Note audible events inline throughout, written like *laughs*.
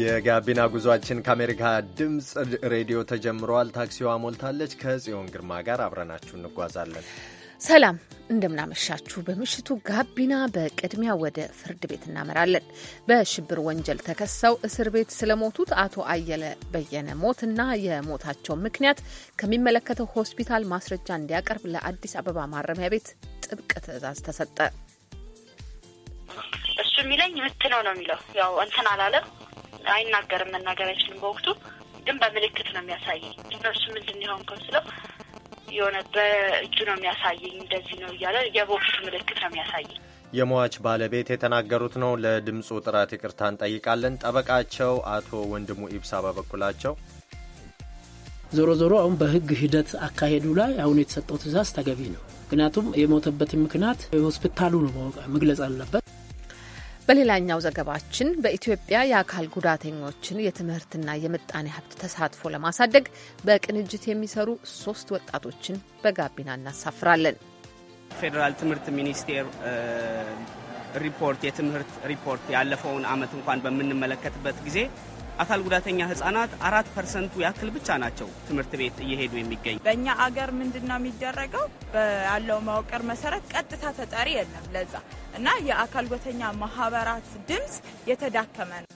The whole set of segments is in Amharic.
የጋቢና ጉዟችን ከአሜሪካ ድምፅ ሬዲዮ ተጀምሯል። ታክሲዋ ሞልታለች። ከጽዮን ግርማ ጋር አብረናችሁ እንጓዛለን። ሰላም እንደምናመሻችሁ። በምሽቱ ጋቢና በቅድሚያ ወደ ፍርድ ቤት እናመራለን። በሽብር ወንጀል ተከሰው እስር ቤት ስለሞቱት አቶ አየለ በየነ ሞትና የሞታቸው ምክንያት ከሚመለከተው ሆስፒታል ማስረጃ እንዲያቀርብ ለአዲስ አበባ ማረሚያ ቤት ጥብቅ ትዕዛዝ ተሰጠ። እሱ የሚለኝ ምት ነው ነው የሚለው ያው እንትን አላለም አይናገርም፣ መናገር አይችልም። በወቅቱ ግን በምልክት ነው የሚያሳየኝ። እነሱ ምንድን የሆንከው ስለው የሆነ በእጁ ነው የሚያሳየኝ፣ እንደዚህ ነው እያለ የቦክስ ምልክት ነው የሚያሳየኝ። የሟች ባለቤት የተናገሩት ነው። ለድምፁ ጥራት ይቅርታ እንጠይቃለን። ጠበቃቸው አቶ ወንድሙ ኢብሳ በበኩላቸው ዞሮ ዞሮ አሁን በህግ ሂደት አካሄዱ ላይ አሁን የተሰጠው ትእዛዝ ተገቢ ነው። ምክንያቱም የሞተበትን ምክንያት የሆስፒታሉ ነው መግለጽ አለበት። በሌላኛው ዘገባችን በኢትዮጵያ የአካል ጉዳተኞችን የትምህርትና የምጣኔ ሀብት ተሳትፎ ለማሳደግ በቅንጅት የሚሰሩ ሶስት ወጣቶችን በጋቢና እናሳፍራለን። ፌዴራል ትምህርት ሚኒስቴር ሪፖርት የትምህርት ሪፖርት ያለፈውን አመት እንኳን በምንመለከትበት ጊዜ አካል ጉዳተኛ ህጻናት አራት ፐርሰንቱ ያክል ብቻ ናቸው ትምህርት ቤት እየሄዱ የሚገኝ። በእኛ አገር ምንድን ነው የሚደረገው? ያለው መዋቅር መሰረት ቀጥታ ተጠሪ የለም ለዛ እና የአካል ጉዳተኛ ማህበራት ድምፅ የተዳከመ ነው።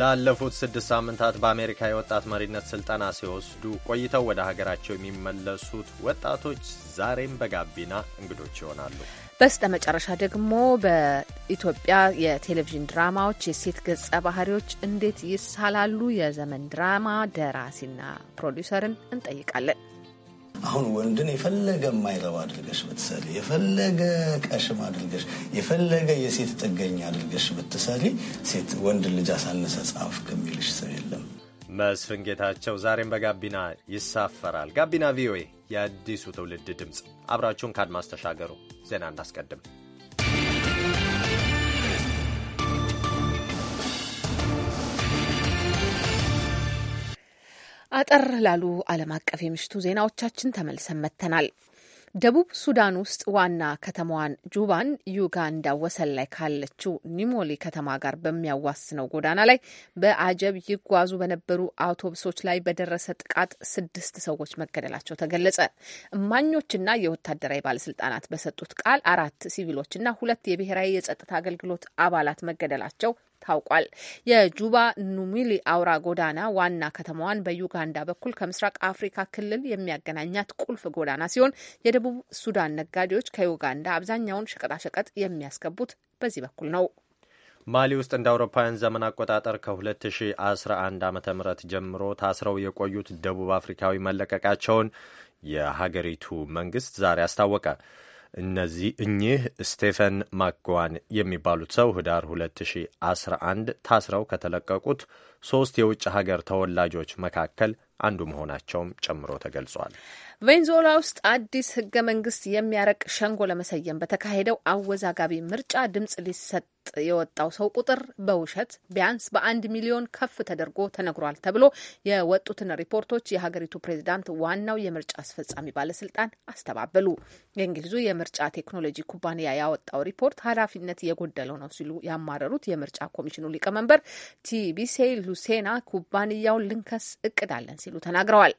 ላለፉት ስድስት ሳምንታት በአሜሪካ የወጣት መሪነት ስልጠና ሲወስዱ ቆይተው ወደ ሀገራቸው የሚመለሱት ወጣቶች ዛሬም በጋቢና እንግዶች ይሆናሉ። በስተ መጨረሻ ደግሞ በኢትዮጵያ የቴሌቪዥን ድራማዎች የሴት ገጸ ባህሪዎች እንዴት ይሳላሉ? የዘመን ድራማ ደራሲና ፕሮዲውሰርን እንጠይቃለን። አሁን ወንድን የፈለገ የማይረባ አድርገሽ ብትሰሪ፣ የፈለገ ቀሽም አድርገሽ፣ የፈለገ የሴት ጥገኛ አድርገሽ ብትሰሪ፣ ሴት ወንድን ልጅ አሳነሰ ጻፍ ከሚልሽ ሰው የለም። መስፍን ጌታቸው ዛሬም በጋቢና ይሳፈራል። ጋቢና ቪኦኤ የአዲሱ ትውልድ ድምፅ። አብራችሁን ከአድማስ ተሻገሩ። ዜና እናስቀድም። አጠር ላሉ ዓለም አቀፍ የምሽቱ ዜናዎቻችን ተመልሰን መጥተናል። ደቡብ ሱዳን ውስጥ ዋና ከተማዋን ጁባን ዩጋንዳ ወሰን ላይ ካለችው ኒሞሊ ከተማ ጋር በሚያዋስነው ጎዳና ላይ በአጀብ ይጓዙ በነበሩ አውቶቡሶች ላይ በደረሰ ጥቃት ስድስት ሰዎች መገደላቸው ተገለጸ። እማኞችና የወታደራዊ ባለስልጣናት በሰጡት ቃል አራት ሲቪሎችና ሁለት የብሔራዊ የጸጥታ አገልግሎት አባላት መገደላቸው ታውቋል። የጁባ ኑሚሊ አውራ ጎዳና ዋና ከተማዋን በዩጋንዳ በኩል ከምስራቅ አፍሪካ ክልል የሚያገናኛት ቁልፍ ጎዳና ሲሆን የደቡብ ሱዳን ነጋዴዎች ከዩጋንዳ አብዛኛውን ሸቀጣሸቀጥ የሚያስገቡት በዚህ በኩል ነው። ማሊ ውስጥ እንደ አውሮፓውያን ዘመን አቆጣጠር ከ2011 ዓ ም ጀምሮ ታስረው የቆዩት ደቡብ አፍሪካዊ መለቀቃቸውን የሀገሪቱ መንግስት ዛሬ አስታወቀ። እነዚህ እኚህ ስቴፈን ማክጓን የሚባሉት ሰው ህዳር 2011 ታስረው ከተለቀቁት ሶስት የውጭ ሀገር ተወላጆች መካከል አንዱ መሆናቸውም ጨምሮ ተገልጿል። ቬንዙዌላ ውስጥ አዲስ ህገ መንግስት የሚያረቅ ሸንጎ ለመሰየም በተካሄደው አወዛጋቢ ምርጫ ድምጽ ሊሰጥ የወጣው ሰው ቁጥር በውሸት ቢያንስ በአንድ ሚሊዮን ከፍ ተደርጎ ተነግሯል ተብሎ የወጡትን ሪፖርቶች የሀገሪቱ ፕሬዚዳንት ዋናው የምርጫ አስፈጻሚ ባለስልጣን አስተባበሉ። የእንግሊዙ የምርጫ ቴክኖሎጂ ኩባንያ ያወጣው ሪፖርት ኃላፊነት የጎደለው ነው ሲሉ ያማረሩት የምርጫ ኮሚሽኑ ሊቀመንበር ቲቢሴ ሉሴና ኩባንያውን ልንከስ እቅዳለን ሲሉ ተናግረዋል።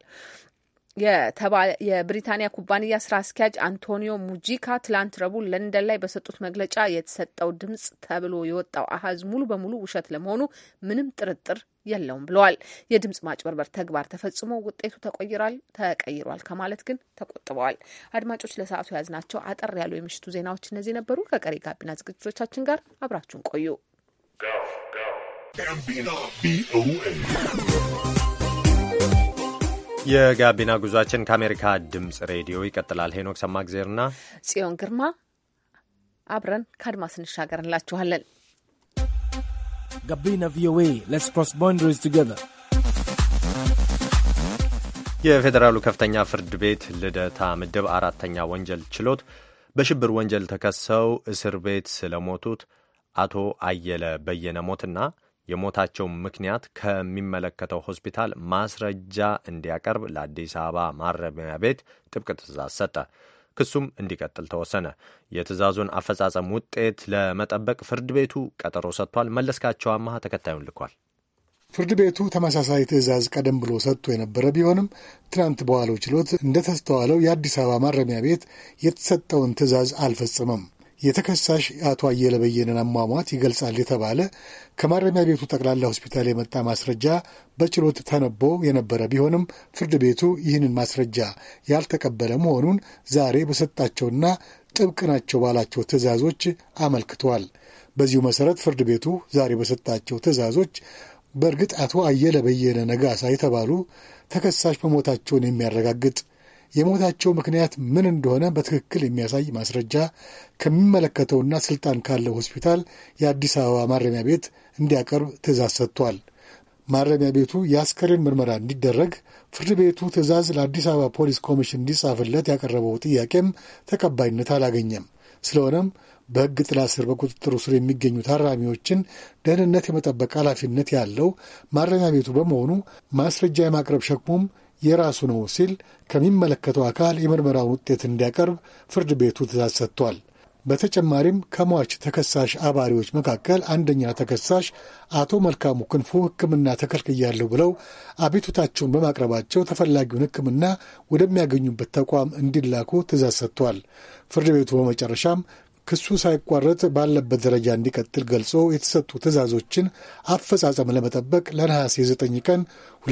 የብሪታንያ ኩባንያ ስራ አስኪያጅ አንቶኒዮ ሙጂካ ትላንት ረቡዕ ለንደን ላይ በሰጡት መግለጫ የተሰጠው ድምጽ ተብሎ የወጣው አሀዝ ሙሉ በሙሉ ውሸት ለመሆኑ ምንም ጥርጥር የለውም ብለዋል። የድምጽ ማጭበርበር ተግባር ተፈጽሞ ውጤቱ ተቆይሯል ተቀይሯል ከማለት ግን ተቆጥበዋል። አድማጮች ለሰዓቱ የያዝናቸው አጠር ያሉ የምሽቱ ዜናዎች እነዚህ ነበሩ። ከቀሪ ጋቢና ዝግጅቶቻችን ጋር አብራችሁን ቆዩ። የጋቢና ጉዟችን ከአሜሪካ ድምፅ ሬዲዮ ይቀጥላል። ሄኖክ ሰማግዜርና ጽዮን ግርማ አብረን ከአድማስ እንሻገር እንላችኋለን። ጋቢና ቪኦኤ ሌትስ ክሮስ ቦንደሪስ ቱጌዘር። የፌዴራሉ ከፍተኛ ፍርድ ቤት ልደታ ምድብ አራተኛ ወንጀል ችሎት በሽብር ወንጀል ተከሰው እስር ቤት ስለሞቱት አቶ አየለ በየነ ሞትና የሞታቸው ምክንያት ከሚመለከተው ሆስፒታል ማስረጃ እንዲያቀርብ ለአዲስ አበባ ማረሚያ ቤት ጥብቅ ትእዛዝ ሰጠ። ክሱም እንዲቀጥል ተወሰነ። የትዕዛዙን አፈጻጸም ውጤት ለመጠበቅ ፍርድ ቤቱ ቀጠሮ ሰጥቷል። መለስካቸው አማሃ ተከታዩን ልኳል። ፍርድ ቤቱ ተመሳሳይ ትዕዛዝ ቀደም ብሎ ሰጥቶ የነበረ ቢሆንም ትናንት በዋለው ችሎት እንደተስተዋለው የአዲስ አበባ ማረሚያ ቤት የተሰጠውን ትዕዛዝ አልፈጸመም። የተከሳሽ አቶ አየለ በየነን አሟሟት ይገልጻል የተባለ ከማረሚያ ቤቱ ጠቅላላ ሆስፒታል የመጣ ማስረጃ በችሎት ተነቦ የነበረ ቢሆንም ፍርድ ቤቱ ይህንን ማስረጃ ያልተቀበለ መሆኑን ዛሬ በሰጣቸውና ጥብቅ ናቸው ባላቸው ትዕዛዞች አመልክቷል። በዚሁ መሰረት ፍርድ ቤቱ ዛሬ በሰጣቸው ትዕዛዞች በእርግጥ አቶ አየለ በየነ ነጋሳ የተባሉ ተከሳሽ መሞታቸውን የሚያረጋግጥ የሞታቸው ምክንያት ምን እንደሆነ በትክክል የሚያሳይ ማስረጃ ከሚመለከተውና ስልጣን ካለው ሆስፒታል የአዲስ አበባ ማረሚያ ቤት እንዲያቀርብ ትዕዛዝ ሰጥቷል። ማረሚያ ቤቱ የአስከሬን ምርመራ እንዲደረግ ፍርድ ቤቱ ትዕዛዝ ለአዲስ አበባ ፖሊስ ኮሚሽን እንዲጻፍለት ያቀረበው ጥያቄም ተቀባይነት አላገኘም። ስለሆነም በሕግ ጥላ ስር በቁጥጥሩ ስር የሚገኙ ታራሚዎችን ደህንነት የመጠበቅ ኃላፊነት ያለው ማረሚያ ቤቱ በመሆኑ ማስረጃ የማቅረብ ሸክሙም የራሱ ነው ሲል ከሚመለከተው አካል የምርመራውን ውጤት እንዲያቀርብ ፍርድ ቤቱ ትእዛዝ ሰጥቷል። በተጨማሪም ከሟች ተከሳሽ አባሪዎች መካከል አንደኛ ተከሳሽ አቶ መልካሙ ክንፉ ሕክምና ተከልክያለሁ ብለው አቤቱታቸውን በማቅረባቸው ተፈላጊውን ሕክምና ወደሚያገኙበት ተቋም እንዲላኩ ትእዛዝ ሰጥቷል። ፍርድ ቤቱ በመጨረሻም ክሱ ሳይቋረጥ ባለበት ደረጃ እንዲቀጥል ገልጾ የተሰጡ ትዕዛዞችን አፈጻጸም ለመጠበቅ ለነሐሴ 9 ቀን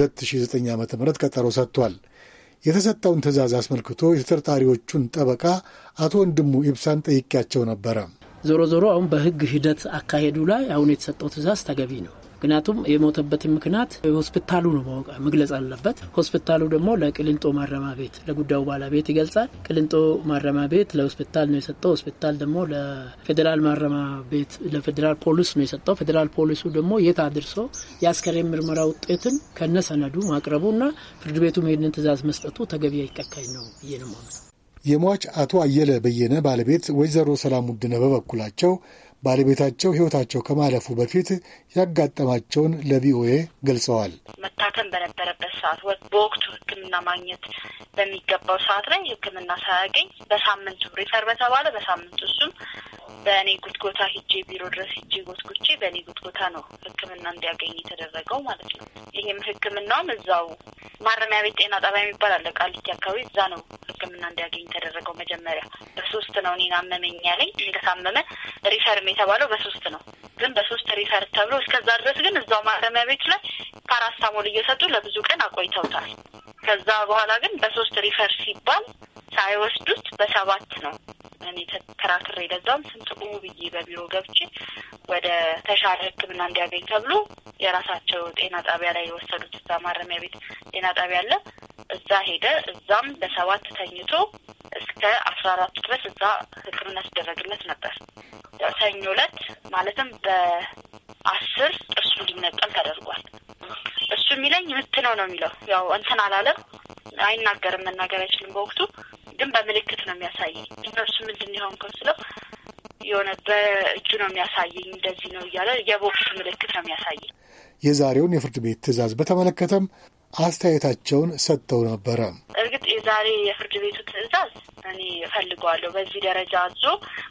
2009 ዓ ም ቀጠሮ ሰጥቷል። የተሰጠውን ትዕዛዝ አስመልክቶ የተጠርጣሪዎቹን ጠበቃ አቶ ወንድሙ ኢብሳን ጠይቄያቸው ነበረ። ዞሮ ዞሮ አሁን በህግ ሂደት አካሄዱ ላይ አሁን የተሰጠው ትዕዛዝ ተገቢ ነው። ምክንያቱም የሞተበትን ምክንያት ሆስፒታሉ ነው ማወቅ መግለጽ አለበት። ሆስፒታሉ ደግሞ ለቅሊንጦ ማረሚያ ቤት ለጉዳዩ ባለቤት ይገልጻል። ቅሊንጦ ማረሚያ ቤት ለሆስፒታል ነው የሰጠው። ሆስፒታል ደግሞ ለፌዴራል ማረሚያ ቤት ለፌዴራል ፖሊስ ነው የሰጠው። ፌዴራል ፖሊሱ ደግሞ የት አድርሶ የአስከሬን ምርመራ ውጤትን ከነ ሰነዱ ማቅረቡና ፍርድ ቤቱ ይህንን ትእዛዝ መስጠቱ ተገቢ አይቀካኝ ነው ይህንም የሟች አቶ አየለ በየነ ባለቤት ወይዘሮ ሰላሙድነ በበኩላቸው ባለቤታቸው ሕይወታቸው ከማለፉ በፊት ያጋጠማቸውን ለቪኦኤ ገልጸዋል። መታከም በነበረበት ሰዓት በወቅቱ ሕክምና ማግኘት በሚገባው ሰዓት ላይ ሕክምና ሳያገኝ በሳምንቱ ሪፈር በተባለ በሳምንቱ እሱም በእኔ ጉትጎታ ሂጄ ቢሮ ድረስ ሂጄ ጎትጉቼ በእኔ ጉትጎታ ነው ሕክምና እንዲያገኝ የተደረገው ማለት ነው። ይህም ሕክምናውም እዛው ማረሚያ ቤት ጤና ጣቢያ የሚባል አለ ቃሊቲ አካባቢ፣ እዛ ነው ሕክምና እንዲያገኝ የተደረገው። መጀመሪያ በሶስት ነው እኔን አመመኝ ያለኝ። ከታመመ ሪፈር የተባለው በሶስት ነው። ግን በሶስት ሪፈር ተብሎ እስከዛ ድረስ ግን እዛው ማረሚያ ቤት ላይ ፓራስታሞል እየሰጡ ለብዙ ቀን አቆይተውታል። ከዛ በኋላ ግን በሶስት ሪፈር ሲባል ሳይወስዱት በሰባት ነው እኔ ተከራክሬ ለዛም ስንት ቁሙ ብዬ በቢሮ ገብቼ ወደ ተሻለ ሕክምና እንዲያገኝ ተብሎ የራሳቸው ጤና ጣቢያ ላይ የወሰዱት እዛ ማረሚያ ቤት ጤና ጣቢያ አለ። እዛ ሄደ። እዛም በሰባት ተኝቶ እስከ አስራ አራት ድረስ እዛ ሕክምና ሲደረግለት ነበር። ሰኞ ዕለት ማለትም በአስር ጥርሱ እንዲነቀል ተደርጓል። እሱ የሚለኝ ምት ነው ነው የሚለው ያው እንትን አላለም፣ አይናገርም፣ መናገር አይችልም። በወቅቱ ግን በምልክት ነው የሚያሳየኝ። እነሱ ምንድን ሆን ስለው የሆነ በእጁ ነው የሚያሳየኝ፣ እንደዚህ ነው እያለ የቦክስ ምልክት ነው የሚያሳየኝ። የዛሬውን የፍርድ ቤት ትዕዛዝ በተመለከተም አስተያየታቸውን ሰጥተው ነበረ። እርግጥ የዛሬ የፍርድ ቤቱ ትዕዛዝ እኔ እፈልገዋለሁ። በዚህ ደረጃ አዞ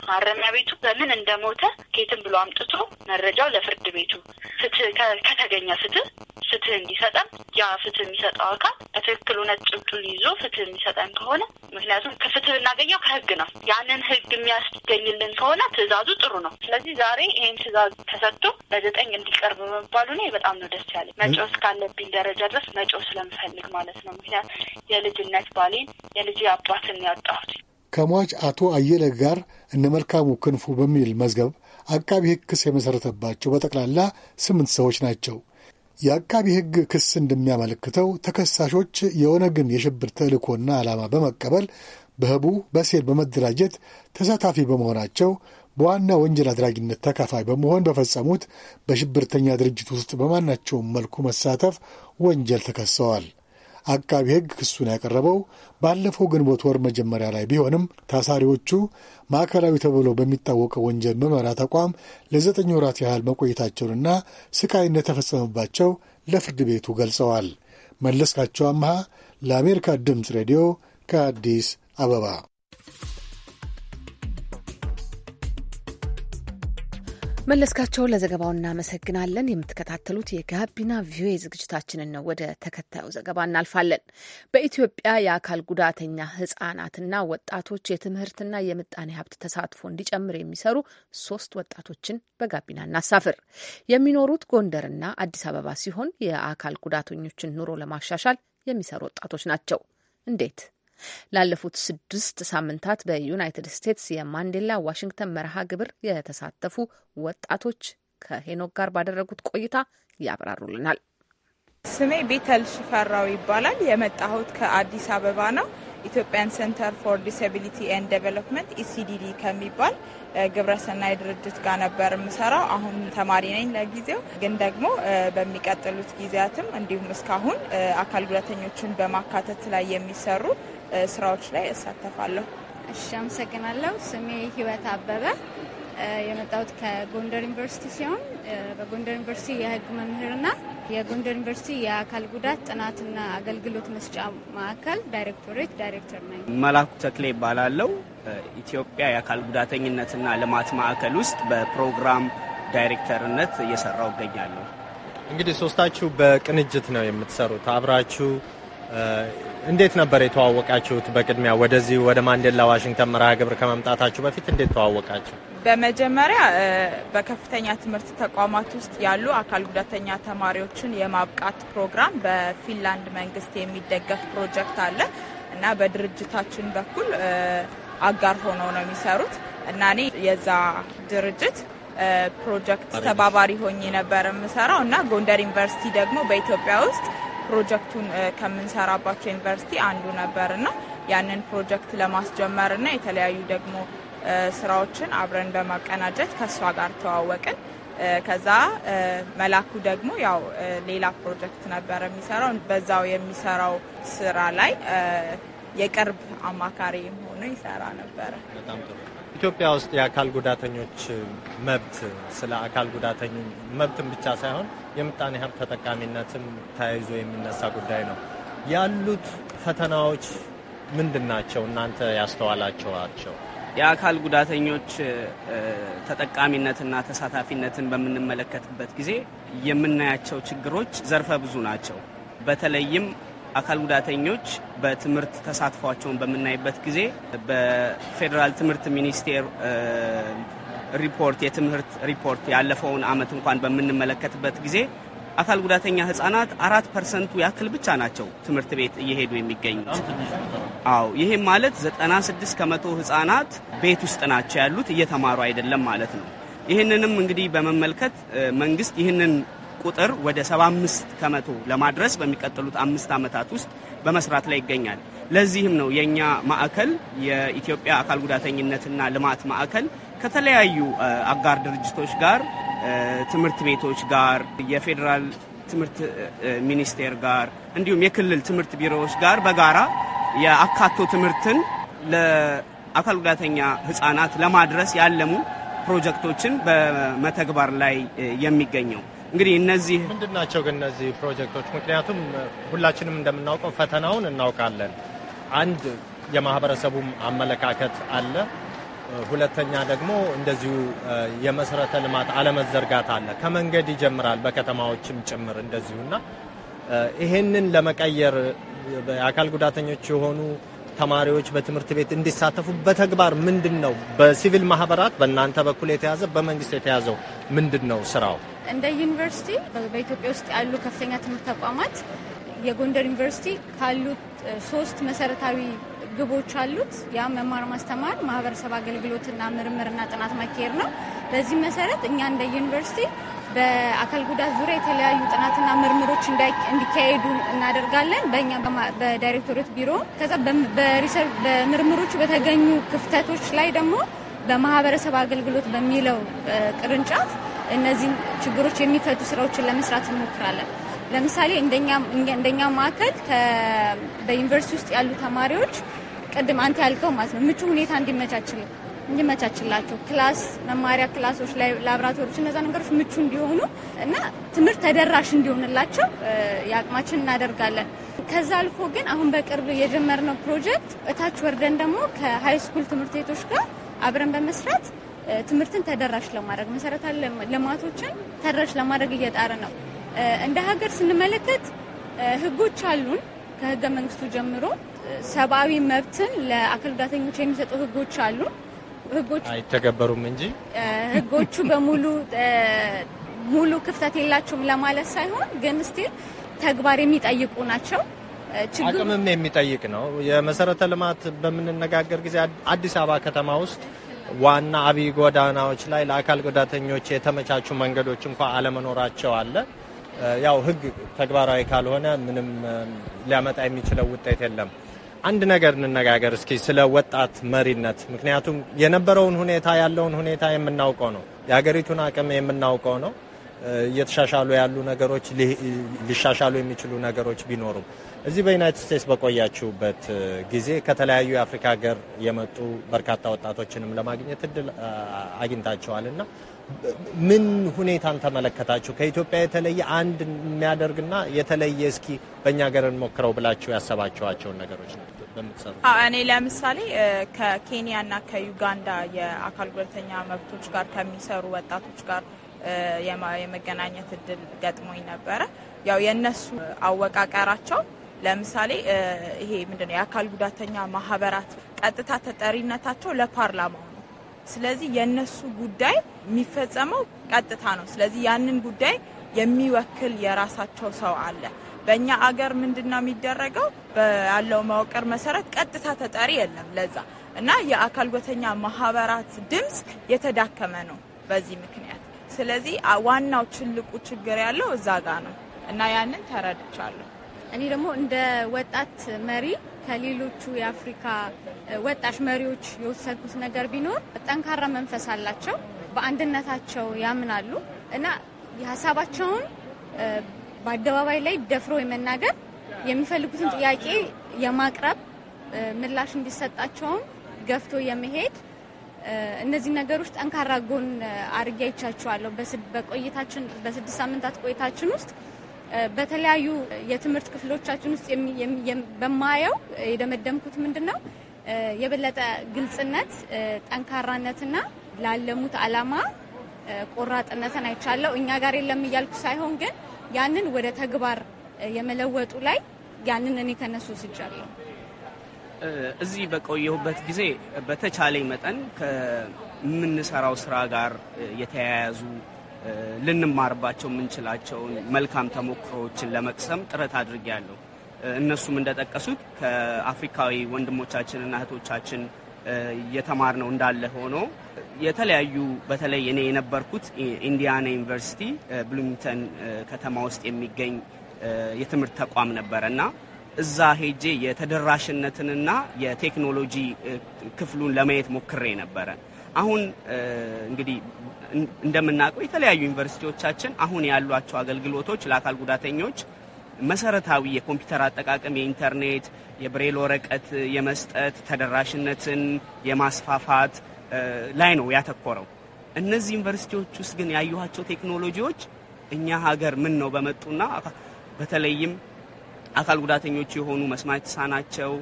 ማረሚያ ቤቱ በምን እንደሞተ ከየትም ብሎ አምጥቶ መረጃው ለፍርድ ቤቱ ፍትህ ከተገኘ ፍትህ ፍትህ እንዲሰጠን ያ ፍትህ የሚሰጠው አካል በትክክል እውነት ጭብጡን ይዞ ፍትህ የሚሰጠን ከሆነ ምክንያቱም ከፍትህ እናገኘው ከህግ ነው። ያንን ህግ የሚያስገኝልን ከሆነ ትዕዛዙ ጥሩ ነው። ስለዚህ ዛሬ ይህን ትዕዛዝ ተሰጥቶ በዘጠኝ እንዲቀርብ መባሉ እኔ በጣም ነው ደስ ያለኝ። መጮህ እስካለብኝ ደረጃ ድረስ መጮህ ስለምፈልግ ማለት ነው። ምክንያት የልጅነት ባሌን የልጅ አባትን ያጣሁት። ከሟች አቶ አየለ ጋር እነ መልካሙ ክንፉ በሚል መዝገብ አቃቢ ሕግ ክስ የመሰረተባቸው በጠቅላላ ስምንት ሰዎች ናቸው። የአቃቢ ሕግ ክስ እንደሚያመለክተው ተከሳሾች የኦነግን የሽብር ተልእኮና ዓላማ በመቀበል በህቡ በሴል በመደራጀት ተሳታፊ በመሆናቸው በዋና ወንጀል አድራጊነት ተካፋይ በመሆን በፈጸሙት በሽብርተኛ ድርጅት ውስጥ በማናቸውም መልኩ መሳተፍ ወንጀል ተከሰዋል። አቃቢ ሕግ ክሱን ያቀረበው ባለፈው ግንቦት ወር መጀመሪያ ላይ ቢሆንም ታሳሪዎቹ ማዕከላዊ ተብሎ በሚታወቀው ወንጀል ምርመራ ተቋም ለዘጠኝ ወራት ያህል መቆየታቸውንና ስቃይ እንደተፈጸመባቸው ለፍርድ ቤቱ ገልጸዋል። መለስካቸው አምሃ ለአሜሪካ ድምፅ ሬዲዮ ከአዲስ አበባ መለስካቸው ለዘገባው እናመሰግናለን። የምትከታተሉት የጋቢና ቪኦኤ ዝግጅታችንን ነው። ወደ ተከታዩ ዘገባ እናልፋለን። በኢትዮጵያ የአካል ጉዳተኛ ህጻናትና ወጣቶች የትምህርትና የምጣኔ ሀብት ተሳትፎ እንዲጨምር የሚሰሩ ሶስት ወጣቶችን በጋቢና እናሳፍር። የሚኖሩት ጎንደርና አዲስ አበባ ሲሆን የአካል ጉዳተኞችን ኑሮ ለማሻሻል የሚሰሩ ወጣቶች ናቸው። እንዴት ላለፉት ስድስት ሳምንታት በዩናይትድ ስቴትስ የማንዴላ ዋሽንግተን መርሃ ግብር የተሳተፉ ወጣቶች ከሄኖክ ጋር ባደረጉት ቆይታ ያብራሩልናል። ስሜ ቤተል ሽፈራው ይባላል። የመጣሁት ከአዲስ አበባ ነው። ኢትዮጵያን ሴንተር ፎር ዲስቢሊቲ ኤንድ ዴቨሎፕመንት ኢሲዲዲ ከሚባል ግብረሰናይ ድርጅት ጋር ነበር የምሰራው። አሁን ተማሪ ነኝ ለጊዜው ግን ደግሞ በሚቀጥሉት ጊዜያትም እንዲሁም እስካሁን አካል ጉዳተኞችን በማካተት ላይ የሚሰሩ ስራዎች ላይ እሳተፋለሁ። እሺ፣ አመሰግናለሁ። ስሜ ህይወት አበበ የመጣሁት ከጎንደር ዩኒቨርሲቲ ሲሆን በጎንደር ዩኒቨርሲቲ የህግ መምህርና የጎንደር ዩኒቨርሲቲ የአካል ጉዳት ጥናትና አገልግሎት መስጫ ማዕከል ዳይሬክቶሬት ዳይሬክተር ነኝ። መላኩ ተክሌ ይባላለው። ኢትዮጵያ የአካል ጉዳተኝነትና ልማት ማዕከል ውስጥ በፕሮግራም ዳይሬክተርነት እየሰራው እገኛለሁ። እንግዲህ ሶስታችሁ በቅንጅት ነው የምትሰሩት አብራችሁ እንዴት ነበር የተዋወቃችሁት? በቅድሚያ ወደዚህ ወደ ማንዴላ ዋሽንግተን መርሃ ግብር ከመምጣታችሁ በፊት እንዴት ተዋወቃችሁ? በመጀመሪያ በከፍተኛ ትምህርት ተቋማት ውስጥ ያሉ አካል ጉዳተኛ ተማሪዎችን የማብቃት ፕሮግራም በፊንላንድ መንግስት የሚደገፍ ፕሮጀክት አለ እና በድርጅታችን በኩል አጋር ሆነው ነው የሚሰሩት እና እኔ የዛ ድርጅት ፕሮጀክት ተባባሪ ሆኜ ነበር የምሰራው እና ጎንደር ዩኒቨርሲቲ ደግሞ በኢትዮጵያ ውስጥ ፕሮጀክቱን ከምንሰራባቸው ዩኒቨርሲቲ አንዱ ነበር እና ያንን ፕሮጀክት ለማስጀመር እና የተለያዩ ደግሞ ስራዎችን አብረን በማቀናጀት ከእሷ ጋር ተዋወቅን። ከዛ መላኩ ደግሞ ያው ሌላ ፕሮጀክት ነበር የሚሰራው። በዛው የሚሰራው ስራ ላይ የቅርብ አማካሪ ሆኖ ይሰራ ነበረ። ኢትዮጵያ ውስጥ የአካል ጉዳተኞች መብት ስለ አካል ጉዳተኞች መብትን ብቻ ሳይሆን የምጣኔ ሀብት ተጠቃሚነትም ተያይዞ የሚነሳ ጉዳይ ነው። ያሉት ፈተናዎች ምንድን ናቸው? እናንተ ያስተዋላቸዋቸው? የአካል ጉዳተኞች ተጠቃሚነትና ተሳታፊነትን በምንመለከትበት ጊዜ የምናያቸው ችግሮች ዘርፈ ብዙ ናቸው። በተለይም አካል ጉዳተኞች በትምህርት ተሳትፏቸውን በምናይበት ጊዜ በፌዴራል ትምህርት ሚኒስቴር ሪፖርት የትምህርት ሪፖርት ያለፈውን አመት እንኳን በምንመለከትበት ጊዜ አካል ጉዳተኛ ህጻናት አራት ፐርሰንቱ ያክል ብቻ ናቸው ትምህርት ቤት እየሄዱ የሚገኙት። አዎ ይህም ማለት 96 ከመቶ ህጻናት ቤት ውስጥ ናቸው ያሉት እየተማሩ አይደለም ማለት ነው። ይህንንም እንግዲህ በመመልከት መንግስት ይህንን ቁጥር ወደ 75 ከመቶ ለማድረስ በሚቀጥሉት አምስት ዓመታት ውስጥ በመስራት ላይ ይገኛል። ለዚህም ነው የእኛ ማዕከል የኢትዮጵያ አካል ጉዳተኝነትና ልማት ማዕከል ከተለያዩ አጋር ድርጅቶች ጋር፣ ትምህርት ቤቶች ጋር፣ የፌዴራል ትምህርት ሚኒስቴር ጋር እንዲሁም የክልል ትምህርት ቢሮዎች ጋር በጋራ የአካቶ ትምህርትን ለአካል ጉዳተኛ ህጻናት ለማድረስ ያለሙ ፕሮጀክቶችን በመተግበር ላይ የሚገኘው እንግዲህ እነዚህ ምንድን ናቸው ግን እነዚህ ፕሮጀክቶች? ምክንያቱም ሁላችንም እንደምናውቀው ፈተናውን እናውቃለን። አንድ የማህበረሰቡም አመለካከት አለ። ሁለተኛ ደግሞ እንደዚሁ የመሰረተ ልማት አለመዘርጋት አለ። ከመንገድ ይጀምራል በከተማዎችም ጭምር እንደዚሁና ይሄንን ለመቀየር የአካል ጉዳተኞች የሆኑ ተማሪዎች በትምህርት ቤት እንዲሳተፉ በተግባር ምንድን ነው በሲቪል ማህበራት በእናንተ በኩል የተያዘ በመንግስት የተያዘው ምንድን ነው ስራው? እንደ ዩኒቨርሲቲ በኢትዮጵያ ውስጥ ያሉ ከፍተኛ ትምህርት ተቋማት የጎንደር ዩኒቨርሲቲ ካሉት ሶስት መሰረታዊ ግቦች አሉት። ያ መማር ማስተማር፣ ማህበረሰብ አገልግሎትና ምርምርና ጥናት ማካሄድ ነው። በዚህ መሰረት እኛ እንደ ዩኒቨርሲቲ በአካል ጉዳት ዙሪያ የተለያዩ ጥናትና ምርምሮች እንዲካሄዱ እናደርጋለን። በእኛ በዳይሬክቶሬት ቢሮ ከዛ በምርምሮቹ በተገኙ ክፍተቶች ላይ ደግሞ በማህበረሰብ አገልግሎት በሚለው ቅርንጫፍ እነዚህ ችግሮች የሚፈቱ ስራዎችን ለመስራት እንሞክራለን። ለምሳሌ እንደኛ ማዕከል በዩኒቨርሲቲ ውስጥ ያሉ ተማሪዎች ቅድም አንተ ያልከው ማለት ነው ምቹ ሁኔታ እንዲመቻችላቸው ክላስ፣ መማሪያ ክላሶች፣ ላብራቶሪዎች፣ እነዛ ነገሮች ምቹ እንዲሆኑ እና ትምህርት ተደራሽ እንዲሆንላቸው የአቅማችን እናደርጋለን። ከዛ አልፎ ግን አሁን በቅርብ የጀመርነው ፕሮጀክት እታች ወርደን ደግሞ ከሃይ ስኩል ትምህርት ቤቶች ጋር አብረን በመስራት ትምህርትን ተደራሽ ለማድረግ መሰረተ ልማቶችን ተደራሽ ለማድረግ እየጣረ ነው። እንደ ሀገር ስንመለከት ህጎች አሉን። ከህገ መንግስቱ ጀምሮ ሰብአዊ መብትን ለአካል ጉዳተኞች የሚሰጡ ህጎች አሉን። ህጎች አይተገበሩም እንጂ ህጎቹ በሙሉ ሙሉ ክፍተት የላቸውም ለማለት ሳይሆን ግን ስቲል ተግባር የሚጠይቁ ናቸው። አቅምም የሚጠይቅ ነው። የመሰረተ ልማት በምንነጋገር ጊዜ አዲስ አበባ ከተማ ውስጥ ዋና አብይ ጎዳናዎች ላይ ለአካል ጉዳተኞች የተመቻቹ መንገዶች እንኳ አለመኖራቸው አለ። ያው ህግ ተግባራዊ ካልሆነ ምንም ሊያመጣ የሚችለው ውጤት የለም። አንድ ነገር እንነጋገር እስኪ ስለ ወጣት መሪነት። ምክንያቱም የነበረውን ሁኔታ ያለውን ሁኔታ የምናውቀው ነው፣ የሀገሪቱን አቅም የምናውቀው ነው። እየተሻሻሉ ያሉ ነገሮች ሊሻሻሉ የሚችሉ ነገሮች ቢኖሩም እዚህ በዩናይትድ ስቴትስ በቆያችሁበት ጊዜ ከተለያዩ የአፍሪካ ሀገር የመጡ በርካታ ወጣቶችንም ለማግኘት እድል አግኝታችኋል እና ምን ሁኔታን ተመለከታችሁ? ከኢትዮጵያ የተለየ አንድ የሚያደርግና የተለየ እስኪ በእኛ ሀገር እንሞክረው ብላችሁ ያሰባችኋቸውን ነገሮች ነው በምትሰሩ? እኔ ለምሳሌ ከኬንያና ከዩጋንዳ የአካል ጉዳተኛ መብቶች ጋር ከሚሰሩ ወጣቶች ጋር የመገናኘት እድል ገጥሞኝ ነበረ። ያው የእነሱ አወቃቀራቸው ለምሳሌ ይሄ ምንድነው የአካል ጉዳተኛ ማህበራት ቀጥታ ተጠሪነታቸው ለፓርላማው ነው። ስለዚህ የእነሱ ጉዳይ የሚፈጸመው ቀጥታ ነው። ስለዚህ ያንን ጉዳይ የሚወክል የራሳቸው ሰው አለ። በእኛ አገር ምንድነው የሚደረገው? ያለው መዋቅር መሰረት ቀጥታ ተጠሪ የለም ለዛ እና የአካል ጉዳተኛ ማህበራት ድምፅ የተዳከመ ነው በዚህ ምክንያት ስለዚህ ዋናው ትልቁ ችግር ያለው እዛ ጋር ነው እና ያንን ተረድቻለሁ። እኔ ደግሞ እንደ ወጣት መሪ ከሌሎቹ የአፍሪካ ወጣት መሪዎች የወሰድኩት ነገር ቢኖር ጠንካራ መንፈስ አላቸው፣ በአንድነታቸው ያምናሉ እና የሀሳባቸውን በአደባባይ ላይ ደፍሮ የመናገር የሚፈልጉትን ጥያቄ የማቅረብ ምላሽ እንዲሰጣቸውም ገፍቶ የመሄድ እነዚህ ነገሮች ጠንካራ ጎን አድርጌ አይቻችኋለሁ። በቆይታችን በስድስት ሳምንታት ቆይታችን ውስጥ በተለያዩ የትምህርት ክፍሎቻችን ውስጥ በማየው የደመደምኩት ምንድን ነው የበለጠ ግልጽነት፣ ጠንካራነትና ላለሙት አላማ ቆራጥነትን አይቻለሁ። እኛ ጋር የለም እያልኩ ሳይሆን ግን ያንን ወደ ተግባር የመለወጡ ላይ ያንን እኔ ከነሱ ስጃለሁ። እዚህ በቆየሁበት ጊዜ በተቻለኝ መጠን ከምንሰራው ስራ ጋር የተያያዙ ልንማርባቸው የምንችላቸውን መልካም ተሞክሮዎችን ለመቅሰም ጥረት አድርጌያለሁ። እነሱም እንደጠቀሱት ከአፍሪካዊ ወንድሞቻችንና እህቶቻችን ነው እንዳለ ሆኖ የተለያዩ በተለይ እኔ የነበርኩት ኢንዲያና ዩኒቨርሲቲ ብሉሚንግተን ከተማ ውስጥ የሚገኝ የትምህርት ተቋም ነበረ እና እዛ ሄጄ የተደራሽነትንና የቴክኖሎጂ ክፍሉን ለማየት ሞክሬ ነበረ። አሁን እንግዲህ እንደምናውቀው የተለያዩ ዩኒቨርሲቲዎቻችን አሁን ያሏቸው አገልግሎቶች ለአካል ጉዳተኞች መሰረታዊ የኮምፒውተር አጠቃቀም፣ የኢንተርኔት፣ የብሬል ወረቀት የመስጠት ተደራሽነትን የማስፋፋት ላይ ነው ያተኮረው። እነዚህ ዩኒቨርሲቲዎች ውስጥ ግን ያዩኋቸው ቴክኖሎጂዎች እኛ ሀገር ምን ነው በመጡና በተለይም አካል ጉዳተኞች የሆኑ መስማት የተሳናቸው፣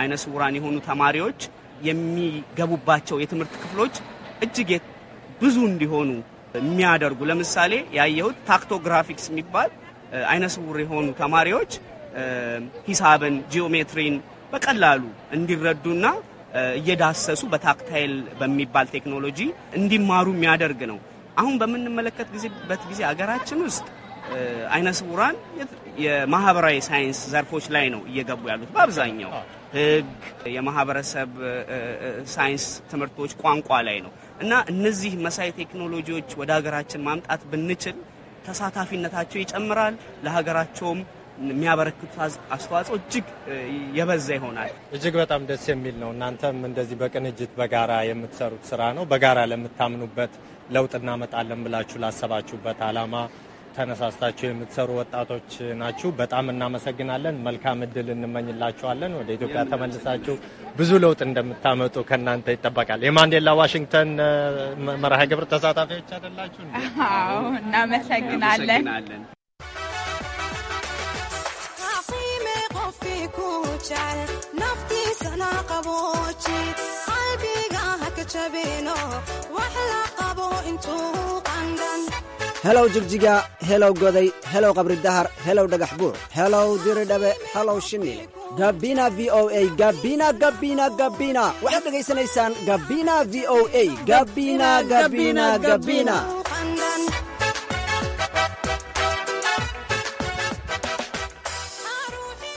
አይነ ስውራን የሆኑ ተማሪዎች የሚገቡባቸው የትምህርት ክፍሎች እጅግ ብዙ እንዲሆኑ የሚያደርጉ ለምሳሌ ያየሁት ታክቶግራፊክስ የሚባል አይነ ስውር የሆኑ ተማሪዎች ሂሳብን፣ ጂኦሜትሪን በቀላሉ እንዲረዱና እየዳሰሱ በታክታይል በሚባል ቴክኖሎጂ እንዲማሩ የሚያደርግ ነው። አሁን በምንመለከትበት ጊዜ አገራችን ውስጥ አይነ ስውራን የማህበራዊ ሳይንስ ዘርፎች ላይ ነው እየገቡ ያሉት በአብዛኛው ህግ፣ የማህበረሰብ ሳይንስ ትምህርቶች ቋንቋ ላይ ነው እና እነዚህ መሳይ ቴክኖሎጂዎች ወደ ሀገራችን ማምጣት ብንችል ተሳታፊነታቸው ይጨምራል። ለሀገራቸውም የሚያበረክቱ አስተዋጽኦ እጅግ የበዛ ይሆናል። እጅግ በጣም ደስ የሚል ነው። እናንተም እንደዚህ በቅንጅት በጋራ የምትሰሩት ስራ ነው። በጋራ ለምታምኑበት ለውጥ እናመጣለን ብላችሁ ላሰባችሁበት አላማ ተነሳስታችሁ የምትሰሩ ወጣቶች ናችሁ። በጣም እናመሰግናለን። መልካም እድል እንመኝላችኋለን። ወደ ኢትዮጵያ ተመልሳችሁ ብዙ ለውጥ እንደምታመጡ ከእናንተ ይጠበቃል። የማንዴላ ዋሽንግተን መርሃ ግብር ተሳታፊዎች አይደላችሁ? እናመሰግናለን። helow jigjiga helow goday helow qabri dahar helow dhagax buuc helow diridhabe helow shini gabina v o a gabina gabina gabina waxaad dhegaysanaysaan gabina v o a gabina gabina gabina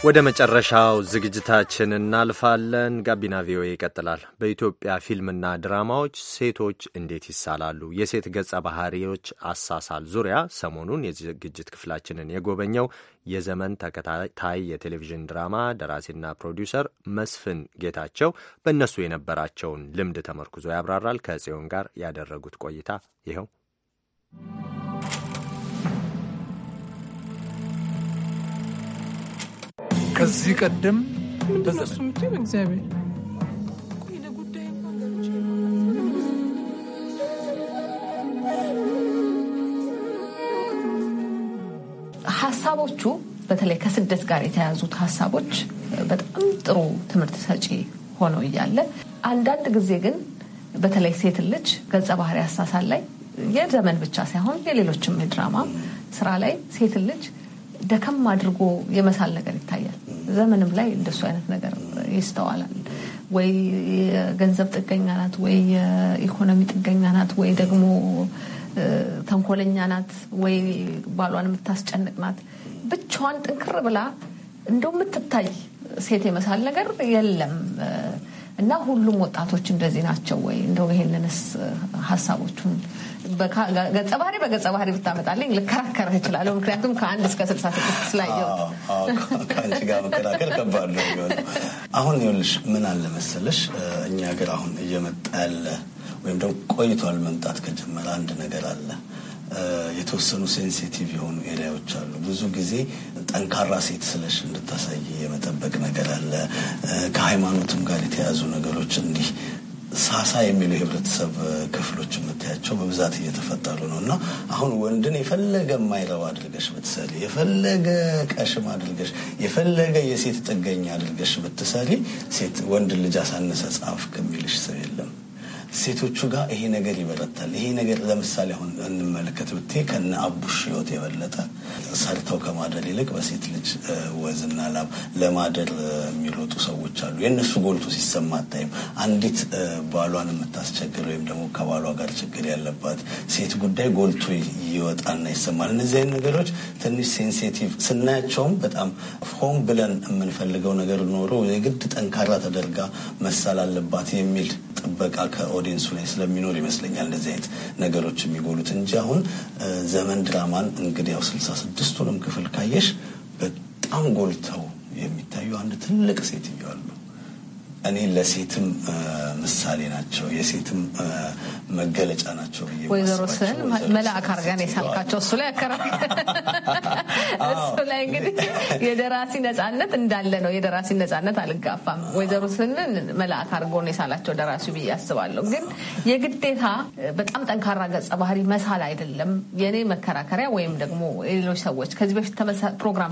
ወደ መጨረሻው ዝግጅታችን እናልፋለን። ጋቢና ቪኦኤ ይቀጥላል። በኢትዮጵያ ፊልምና ድራማዎች ሴቶች እንዴት ይሳላሉ? የሴት ገጸ ባህሪዎች አሳሳል ዙሪያ ሰሞኑን የዝግጅት ክፍላችንን የጎበኘው የዘመን ተከታታይ የቴሌቪዥን ድራማ ደራሲና ፕሮዲውሰር መስፍን ጌታቸው በእነሱ የነበራቸውን ልምድ ተመርኩዞ ያብራራል። ከጽዮን ጋር ያደረጉት ቆይታ ይኸው ከዚህ ቀደም ሀሳቦቹ በተለይ ከስደት ጋር የተያዙት ሀሳቦች በጣም ጥሩ ትምህርት ሰጪ ሆነው እያለ አንዳንድ ጊዜ ግን በተለይ ሴት ልጅ ገጸ ባህሪ አሳሳል ላይ የዘመን ብቻ ሳይሆን የሌሎችም የድራማ ስራ ላይ ሴት ልጅ ደከም አድርጎ የመሳል ነገር ይታያል። ዘመንም ላይ እንደሱ አይነት ነገር ይስተዋላል። ወይ የገንዘብ ጥገኛ ናት፣ ወይ የኢኮኖሚ ጥገኛ ናት፣ ወይ ደግሞ ተንኮለኛ ናት፣ ወይ ባሏን የምታስጨንቅ ናት። ብቻዋን ጥንክር ብላ እንደው የምትታይ ሴት የመሳል ነገር የለም እና ሁሉም ወጣቶች እንደዚህ ናቸው ወይ? እንደው ይሄንንስ ሀሳቦቹን ገጸ ባህሪ በገጸ ባህሪ ብታመጣልኝ ልከራከርህ እችላለሁ። ምክንያቱም ከአንድ እስከ ስልሳ ስድስት ስላየሁት ከአንቺ ጋር መከራከር ከባድ ነው የሚሆነው። አሁን ይኸውልሽ ምን አለ መሰለሽ እኛ ሀገር አሁን እየመጣ ያለ ወይም ደግሞ ቆይቷል መምጣት ከጀመረ አንድ ነገር አለ የተወሰኑ ሴንሲቲቭ የሆኑ ኤሪያዎች አሉ። ብዙ ጊዜ ጠንካራ ሴት ስለሽ እንድታሳይ የመጠበቅ ነገር አለ። ከሃይማኖትም ጋር የተያዙ ነገሮች እንዲህ ሳሳ የሚሉ የህብረተሰብ ክፍሎች የምታያቸው በብዛት እየተፈጠሩ ነው እና አሁን ወንድን የፈለገ የማይረባ አድርገሽ ብትሰሪ፣ የፈለገ ቀሽም አድርገሽ፣ የፈለገ የሴት ጥገኛ አድርገሽ ብትሰሪ ሴት ወንድን ልጅ አሳነሰ ጻፍክ የሚልሽ ሰው የለም። ሴቶቹ ጋር ይሄ ነገር ይበረታል። ይሄ ነገር ለምሳሌ አሁን እንመለከት ብቴ ከነ አቡሽ ህይወት የበለጠ ሰርተው ከማደር ይልቅ በሴት ልጅ ወዝና ላብ ለማደር የሚሮጡ ሰዎች አሉ። የእነሱ ጎልቶ ሲሰማ አታይም። አንዲት ባሏን የምታስቸግር ወይም ደግሞ ከባሏ ጋር ችግር ያለባት ሴት ጉዳይ ጎልቶ ይወጣና ይሰማል። እነዚህ አይነት ነገሮች ትንሽ ሴንሴቲቭ ስናያቸውም በጣም ሆም ብለን የምንፈልገው ነገር ኖሮ የግድ ጠንካራ ተደርጋ መሳል አለባት የሚል ጥበቃ ኦዲንሱ ላይ ስለሚኖር ይመስለኛል እንደዚህ አይነት ነገሮች የሚጎሉት እንጂ አሁን ዘመን ድራማን እንግዲህ ያው ስልሳ ስድስቱንም ክፍል ካየሽ በጣም ጎልተው የሚታዩ አንድ ትልቅ ሴትዮ አሉ። እኔ ለሴትም ምሳሌ ናቸው፣ የሴትም መገለጫ ናቸው። ወይዘሮ ስን መልአክ አድርገን የሳልካቸው እሱ ላይ ያከራ እሱ ላይ እንግዲህ የደራሲ ነጻነት እንዳለ ነው። የደራሲ ነጻነት አልጋፋም። ወይዘሮ ስንን መልአክ አድርጎ ነው የሳላቸው ደራሲ ብዬ አስባለሁ። ግን የግዴታ በጣም ጠንካራ ገጸ ባህሪ መሳል አይደለም የእኔ መከራከሪያ። ወይም ደግሞ ሌሎች ሰዎች ከዚህ በፊት ፕሮግራም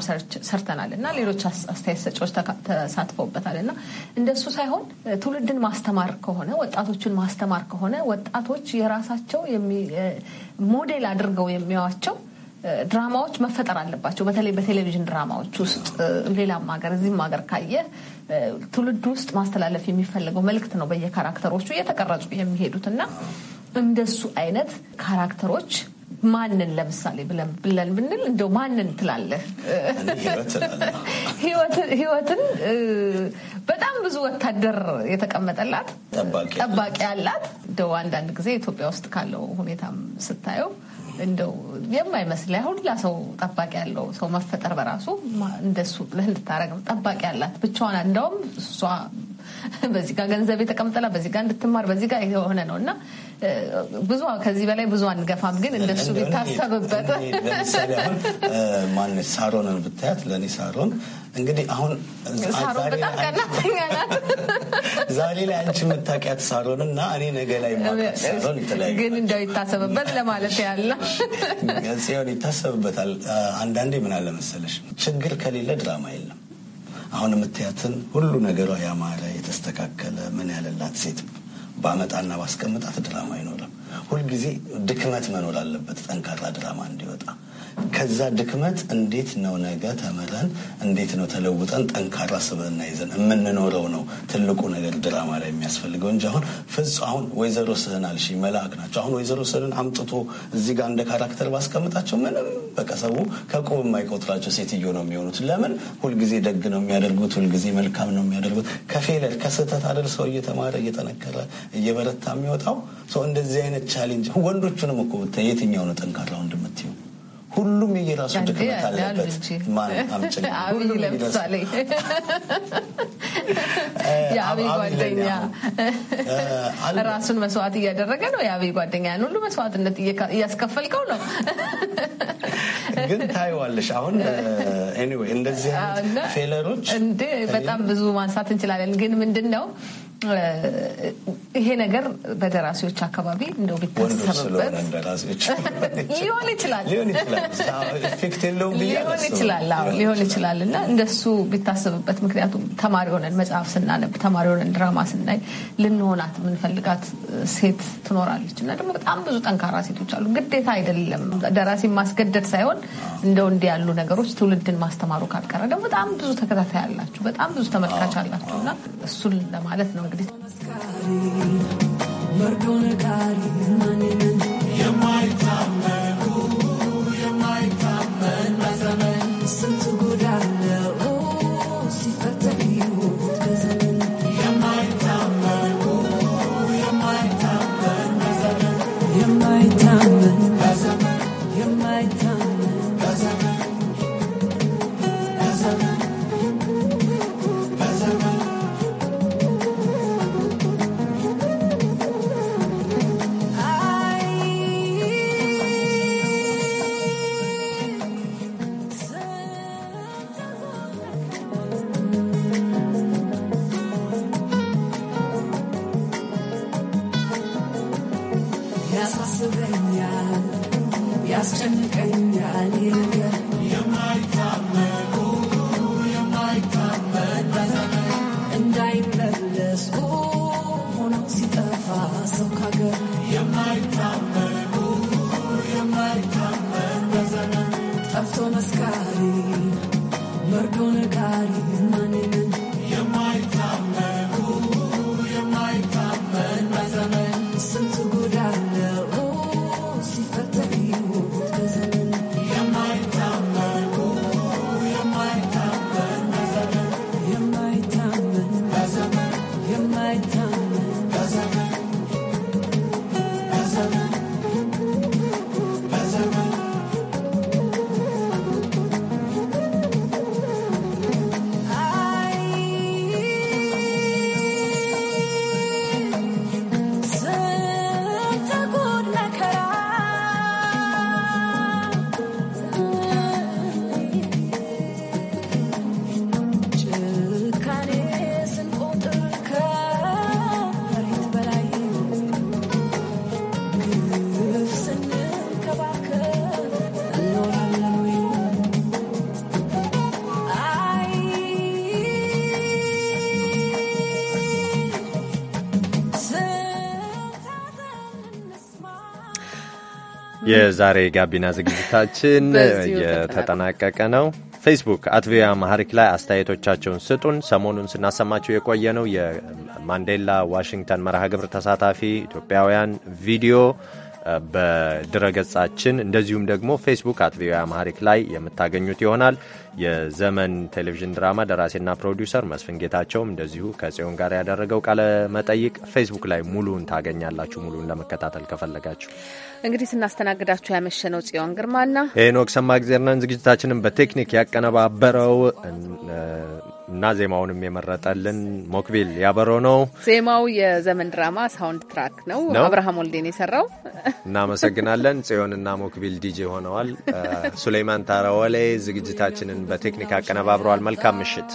ሰርተናል እና ሌሎች አስተያየት ሰጪዎች ተሳትፈውበታል እና እንደሱ ሳይሆን ትውልድን ማስተማር ከሆነ ወጣቶችን ማስተማር ከሆነ ወጣቶች የራሳቸው ሞዴል አድርገው የሚያዋቸው ድራማዎች መፈጠር አለባቸው። በተለይ በቴሌቪዥን ድራማዎች ውስጥ ሌላም ሀገር እዚህም ሀገር ካየ ትውልድ ውስጥ ማስተላለፍ የሚፈልገው መልእክት ነው በየካራክተሮቹ እየተቀረጹ የሚሄዱት እና እንደሱ አይነት ካራክተሮች ማንን ለምሳሌ ብለን ብንል እንደ ማንን ትላለህ? ህይወትን በጣም ብዙ ወታደር የተቀመጠላት ጠባቂ ያላት እንደው አንዳንድ ጊዜ ኢትዮጵያ ውስጥ ካለው ሁኔታም ስታየው እንደው የማይመስል ሁላ ሰው ጠባቂ ያለው ሰው መፈጠር በራሱ እንደሱ ብለህ እንድታረግ ጠባቂ ያላት ብቻዋን እንደውም እሷ በዚህ ጋር ገንዘብ የተቀምጠላት በዚህ ጋር እንድትማር በዚህ ጋር የሆነ ነው እና ብዙ ከዚህ በላይ ብዙ አንገፋም፣ ግን እንደሱ ቢታሰብበት ለምሳሌ አሁን ማነች ሳሮንን ብታያት፣ ለእኔ ሳሮን እንግዲህ አሁን ዛሬ ላይ አንቺ መታቂያት ሳሮን እና እኔ ነገ ላይ የማውቃት ሳሮን የተለያዩ ግን እንደው ይታሰብበት ለማለት ያለ ጽዮን ይታሰብበታል። አንዳንዴ ምን አለመሰለሽ ችግር ከሌለ ድራማ የለም። አሁን የምታያትን ሁሉ ነገሯ ያማረ የተስተካከለ ምን ያለላት ሴት ባመጣና ባስቀምጣት ድራማ አይኖርም። ሁልጊዜ ድክመት መኖር አለበት ጠንካራ ድራማ እንዲወጣ ከዛ ድክመት እንዴት ነው ነገ ተምረን እንዴት ነው ተለውጠን ጠንካራ ስብዕና ይዘን የምንኖረው ነው ትልቁ ነገር ድራማ ላይ የሚያስፈልገው እንጂ አሁን ፍጹም አሁን ወይዘሮ ስህን አልሽ መልአክ ናቸው። አሁን ወይዘሮ ስህንን አምጥቶ እዚህ ጋር እንደ ካራክተር ባስቀምጣቸው ምንም በቃ ሰው ከቁብ የማይቆጥራቸው ሴትዮ ነው የሚሆኑት። ለምን ሁልጊዜ ደግ ነው የሚያደርጉት፣ ሁልጊዜ መልካም ነው የሚያደርጉት። ከፌለር ከስህተት አይደል ሰው እየተማረ እየጠነከረ እየበረታ የሚወጣው እንደዚህ አይነት ቻሌንጅ ወንዶቹንም እኮ የትኛው ነው ጠንካራ ወንድ የምትይው ሁሉም የየራሱ ድክመት አለበት። *laughs* ለምሳሌ *laughs* *laughs* የአብይ ጓደኛ ራሱን መስዋዕት እያደረገ ነው። የአብይ ጓደኛ ያን ሁሉ መስዋዕትነት እያስከፈልከው ነው። ግን ታይዋለሽ። አሁን ኤኒዌይ እንደዚህ አይነት ፌለሮች እንዴ በጣም ብዙ ማንሳት እንችላለን። ግን ምንድን ነው ይሄ ነገር በደራሲዎች አካባቢ እንደው ቢታሰብበት *laughs* ሊሆን ይችላል ሊሆን ይችላል ሊሆን ይችላል እና እንደሱ ቢታሰብበት። ምክንያቱም ተማሪ ሆነን መጽሐፍ ስናነብ፣ ተማሪ ሆነን ድራማ ስናይ ልንሆናት የምንፈልጋት ሴት ትኖራለች እና ደግሞ በጣም ብዙ ጠንካራ ሴቶች አሉ። ግዴታ አይደለም ደራሲ ማስገደድ ሳይሆን እንደው እንዲህ ያሉ ነገሮች ትውልድን ማስተማሩ ካልቀረ ደግሞ በጣም ብዙ ተከታታይ አላችሁ፣ በጣም ብዙ ተመልካች አላችሁ እና እሱን ለማለት ነው። Sono scari, የዛሬ ጋቢና ዝግጅታችን የተጠናቀቀ ነው። ፌስቡክ አት ቪኦኤ አማሪክ ላይ አስተያየቶቻቸውን ስጡን። ሰሞኑን ስናሰማቸው የቆየ ነው የማንዴላ ዋሽንግተን መርሃ ግብር ተሳታፊ ኢትዮጵያውያን ቪዲዮ በድረገጻችን እንደዚሁም ደግሞ ፌስቡክ አት ቪኦኤ አማሪክ ላይ የምታገኙት ይሆናል። የዘመን ቴሌቪዥን ድራማ ደራሲና ፕሮዲውሰር መስፍን ጌታቸውም እንደዚሁ ከጽዮን ጋር ያደረገው ቃለ መጠይቅ ፌስቡክ ላይ ሙሉን ታገኛላችሁ። ሙሉን ለመከታተል ከፈለጋችሁ እንግዲህ ስናስተናግዳችሁ ያመሸነው ጽዮን ግርማና ሄኖክ ሰማእግዜርነን ዝግጅታችንን በቴክኒክ ያቀነባበረው እና ዜማውንም የመረጠልን ሞክቢል ያበሮ ነው። ዜማው የዘመን ድራማ ሳውንድ ትራክ ነው፣ አብርሃም ወልዴን የሰራው። እናመሰግናለን። ጽዮንና ሞክቢል ዲጄ ሆነዋል። ሱሌይማን ታራወሌ ዝግጅታችንን በቴክኒክ አቀነባብረዋል። መልካም ምሽት።